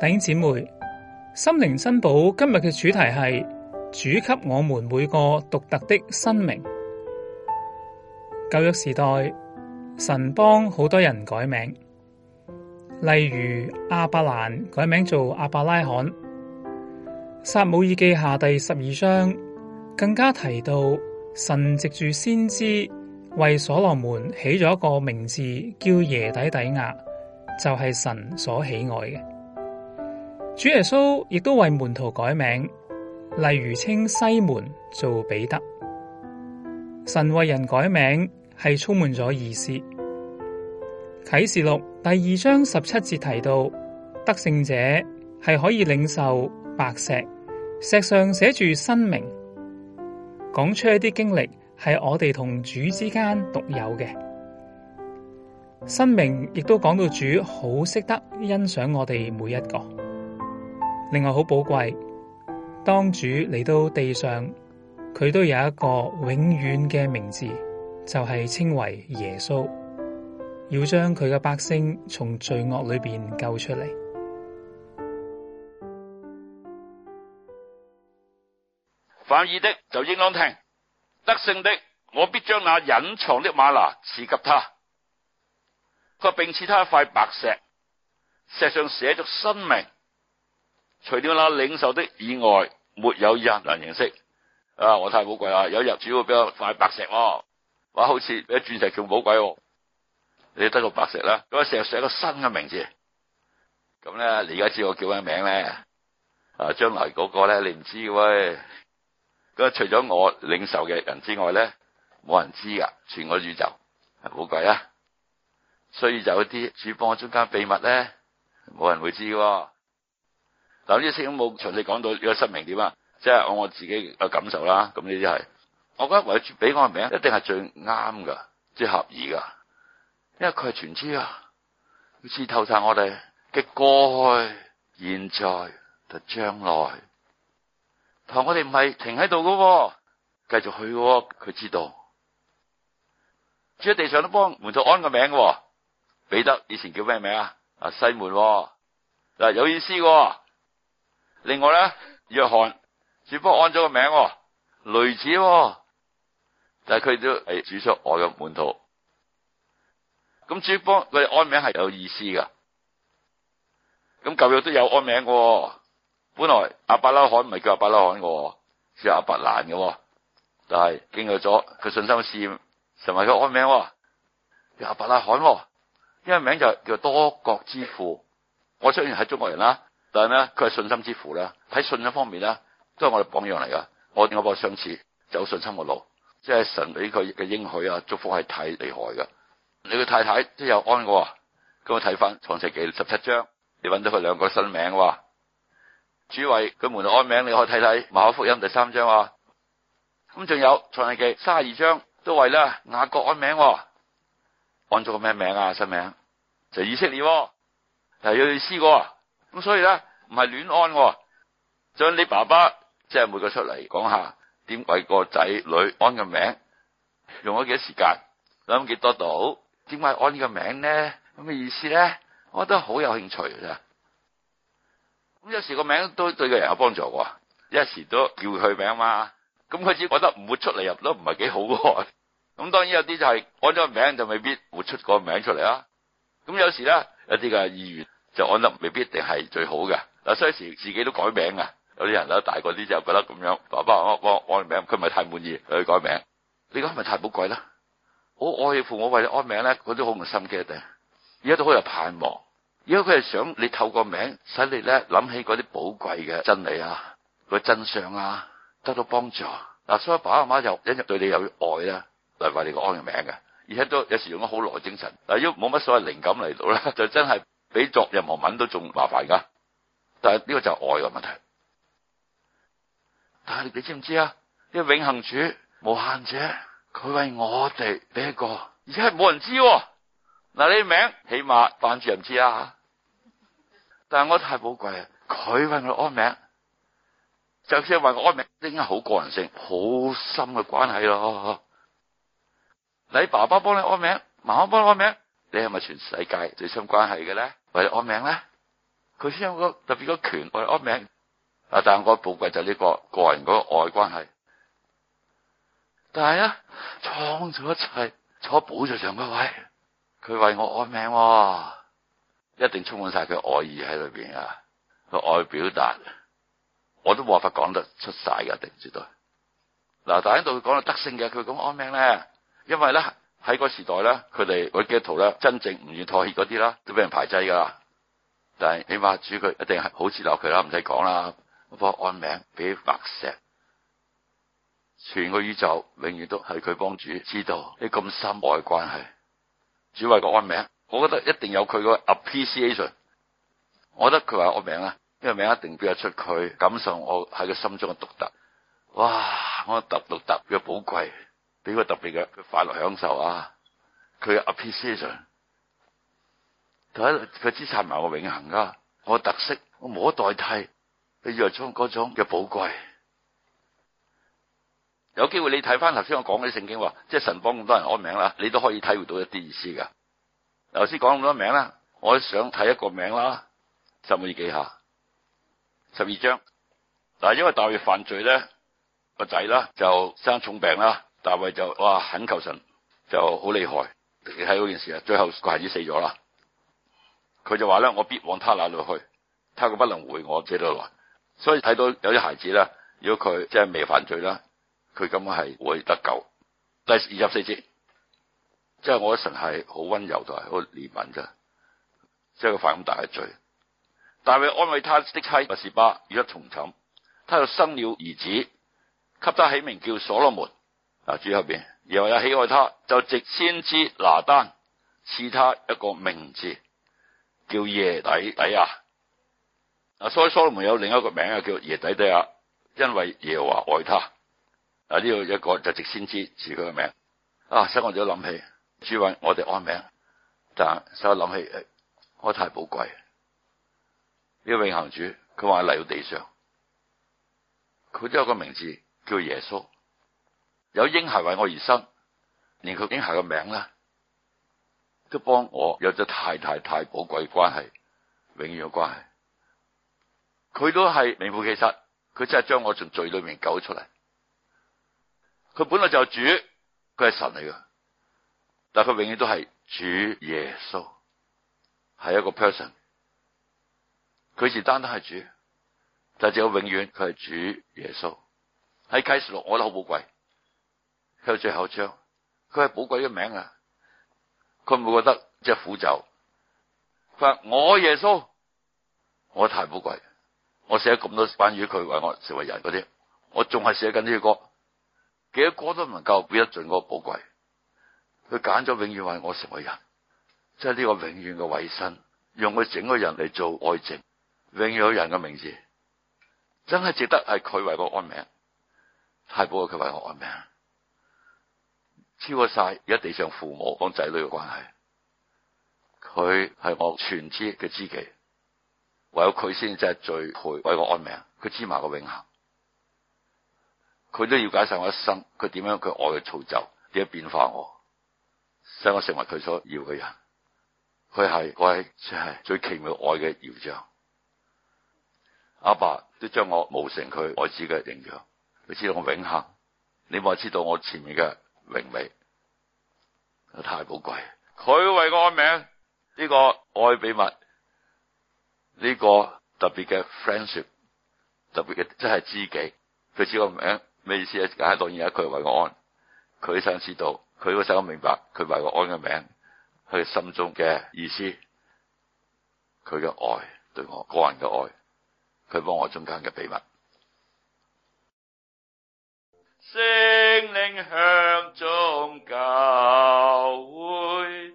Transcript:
弟兄姐妹，心靈珍寶今日嘅主題係主給我們每個獨特的新名。舊約時代，神幫好多人改名，例如亞伯蘭改名做亞伯拉罕。撒母耳記下第十二章更加提到，神藉住先知為所羅門起咗一個名字叫耶底底亞，就係、是、神所喜愛嘅。主耶穌亦都為門徒改名，例如稱西門做彼得。神為人改名係充滿咗意思。啟示錄第二章十七節提到，得勝者係可以領受白石，石上寫住新名，講出一啲經歷係我哋同主之間獨有嘅。新名亦都講到主好識得欣賞我哋每一個。另外好寶貴，當主嚟到地上，佢都有一個永遠嘅名字，就係、是、稱為耶穌。要將佢嘅百姓從罪惡裏邊救出嚟。凡有耳的，就應當聽，得勝的，我必將那隱藏的嗎哪賜給他。佢並賜他一塊白石，石上寫著新名。除咗那領受的以外，沒有人能認識。啊，我太寶貴啦！有日主會俾我塊白石、啊，話好似俾鑽石叫寶貴、啊。你得個白石啦、啊，咁啊石上寫個新嘅名字。咁咧，你而家知我叫咩名咧？啊，將來嗰個咧，你唔知嘅喂。咁除咗我領受嘅人之外咧，冇人知噶，全個宇宙。寶貴啦，所以有啲主幫中間秘密咧，冇人會知喎。嗱呢啲先冇詳細講到，呢個失明點啊？即係我我自己嘅感受啦。咁呢啲係，我覺得唯主俾我嘅名一定係最啱㗎，即係合意㗎，因為佢係全知啊，佢知透晒我哋嘅過去、現在同將來。但我哋唔係停喺度喎，繼續去喎，佢知道，主喺地上都幫門徒安個名嘅，彼得以前叫咩名啊？啊西門嗱，有意思喎。另外咧，約翰主方按咗個名，雷子喎、哦，但係佢都係指出我嘅門徒。咁主方佢哋安名係有意思噶。咁舊約都有安名喎。本來阿伯拉罕唔係叫阿伯拉罕喎，叫阿伯蘭嘅，但係經過咗佢信心試驗，神為佢安名，阿伯拉罕，呢個名就叫多國之父。我雖然係中國人啦。但係咧，佢係信心之父啦。喺信仰方面咧，都係我哋榜樣嚟噶。我哋我我相似走信心嘅路，即係神俾佢嘅應許啊，祝福係太厲害噶。你個太太都有安噶，咁我睇翻創世記十七章，你揾到佢兩個新名喎。主為佢門徒安名，你可以睇睇馬可福音第三章啊。咁仲有創世記三十二章都為咧雅各安名，安咗個咩名啊？新名就是以色列啊，係要你思過。.咁所以咧，唔係亂安喎。仲你爸爸，即係每個出嚟講下點為個仔女安嘅名，用咗幾多時間，諗幾多度，點解安呢個名咧？咁嘅意思咧，我都好有興趣㗎。咁有時個名都對個人有幫助喎。一時都叫佢名嘛，咁佢只覺得唔會出嚟入都唔係幾好喎。咁當然有啲就係安咗個名就未必會出個名出嚟啊。咁有時咧，有啲嘅意願。就我諗未必一定係最好嘅。嗱，有時自己都改名啊，有啲人咧，大個啲就覺得咁樣，爸爸我我安名，佢咪太滿意佢改名？你講係咪太寶貴咧？我愛父我為你安名咧，佢都好用心機定。而家都好有盼望，而家佢係想你透過名，使你咧諗起嗰啲寶貴嘅真理啊，個真相啊，得到幫助。嗱，所以爸阿媽又一日對你有愛啦，嚟為你個安嘅名嘅，而且都有時用咗好耐精神。嗱，如果冇乜所謂靈感嚟到咧，就真係。比作任何文都仲麻煩噶，但係呢個就係愛嘅問題。但係你知唔知啊？這個永恒主、無限者，佢為我哋俾一個，而且係冇人知。嗱，你名起碼辦主任知啊。但係我太寶貴，佢為我安名，就算為我安名，應該好個人性、好深嘅關係咯。你爸爸幫你安名，媽媽幫你安名，你係咪全世界最深關係嘅咧？為我安名咧，佢先有個特別個權為我安名，啊！但係我寶貴就係呢個個人嗰個愛關係。但係啊，創造一切，坐喺寶座上嗰位，佢為我安名，一定充滿晒佢愛意喺裏邊啊！個愛表達，我都冇法講得出晒噶，定唔知嗱，但喺度佢講到得勝嘅，佢咁安名咧，因為咧。喺個時代咧，佢哋嗰啲圖咧真正唔願妥協嗰啲啦，都俾人排擠噶啦。但係起碼主佢一定係好接納佢啦，唔使講啦，幫我安名俾白石，全個宇宙永遠都係佢幫主知道你咁深愛嘅關係，主為個安名，我覺得一定有佢個 application。我覺得佢話安名啊，呢個名一定表出佢感受我喺佢心中嘅獨特。哇，我覺得特嘅寶貴。俾個特別嘅快樂享受啊！佢有 appreciation，睇佢支撐埋我永恆噶，我的特色我冇得代替，佢若將嗰種嘅寶貴，有機會你睇翻頭先我講嘅聖經話，即係神幫咁多人安名啦，你都可以體會到一啲意思噶。頭先講咁多名啦，我想睇一個名啦，十二幾下，十二章。嗱，因為大衛犯罪咧，個仔啦就生重病啦。大衛就哇懇求神就好厲害，你睇嗰件事啊。最後個孩子死咗啦，佢就話咧，我必往他那裏去，他佢不能回我這度來。所以睇到有啲孩子咧，如果佢即係未犯罪啦，佢咁係會得救。第二十四節，即、就、係、是、我一神係好溫柔同埋好憐憫嘅，即係佢犯咁大嘅罪。大衛安慰他的妻拔示巴，與他同寢，他又生了兒子，給他起名叫所羅門。嗱，主後邊，耶和華喜愛他，就藉先知拿單賜他一個名字，叫耶底底亞。所以所羅門有另一個名啊，叫耶底底亞，因為耶和華愛他。嗱，呢個一個就藉先知賜佢個名字。啊，使我就都諗起，主運我哋安名，但使我諗起，我太寶貴，呢、這個永恒主，佢話嚟到地上，佢都有一個名字叫耶穌。有嬰孩為我而生，連佢嬰孩嘅名咧都幫我有咗太太太寶貴嘅關係，永遠嘅關係。佢都係名副其實，佢真係將我從罪裏面救出嚟。佢本來就是主，佢係神嚟嘅，但係佢永遠都係主耶穌，係一個 person。佢是單單係主，但只有永遠佢係主耶穌，喺啟示錄我覺得好寶貴。佢最後唱，佢係寶貴嘅名啊！佢唔會覺得即係、就是、苦咒。佢話我耶穌，我太寶貴，我寫咗咁多關於，佢為我成為人啲，我仲係寫緊呢個歌，幾多歌都唔能夠表得盡個寶貴。佢揀咗永遠為我成為人，即係呢個永遠嘅委身，用佢整個人嚟做愛情，永遠有人嘅名字，真係值得係佢為我安名，太寶貴佢為我安名。超過晒，而家地上父母講仔女嘅關係，佢係我全知嘅知己，唯有佢先至係最配為我安命。佢知埋我永恆，佢都要解晒我一生，佢點樣佢愛嘅嘈，就點樣變化我，使我成為佢所要嘅人。佢係我係即係最奇妙愛嘅窯匠，阿爸都將我模成佢愛子嘅形象。佢知道我永恆。你話知道我前面嘅？永美，明太寶貴。佢為我名，呢、這個愛秘密，呢、這個特別嘅 friendship，特別嘅真係知己。佢知個名咩意思咧？當然有。佢為我安，佢想知道，佢想我明白，佢為我安嘅名，佢心中嘅意思，佢嘅愛對我個人嘅愛，佢幫我中間嘅秘密。聖靈向眾教會。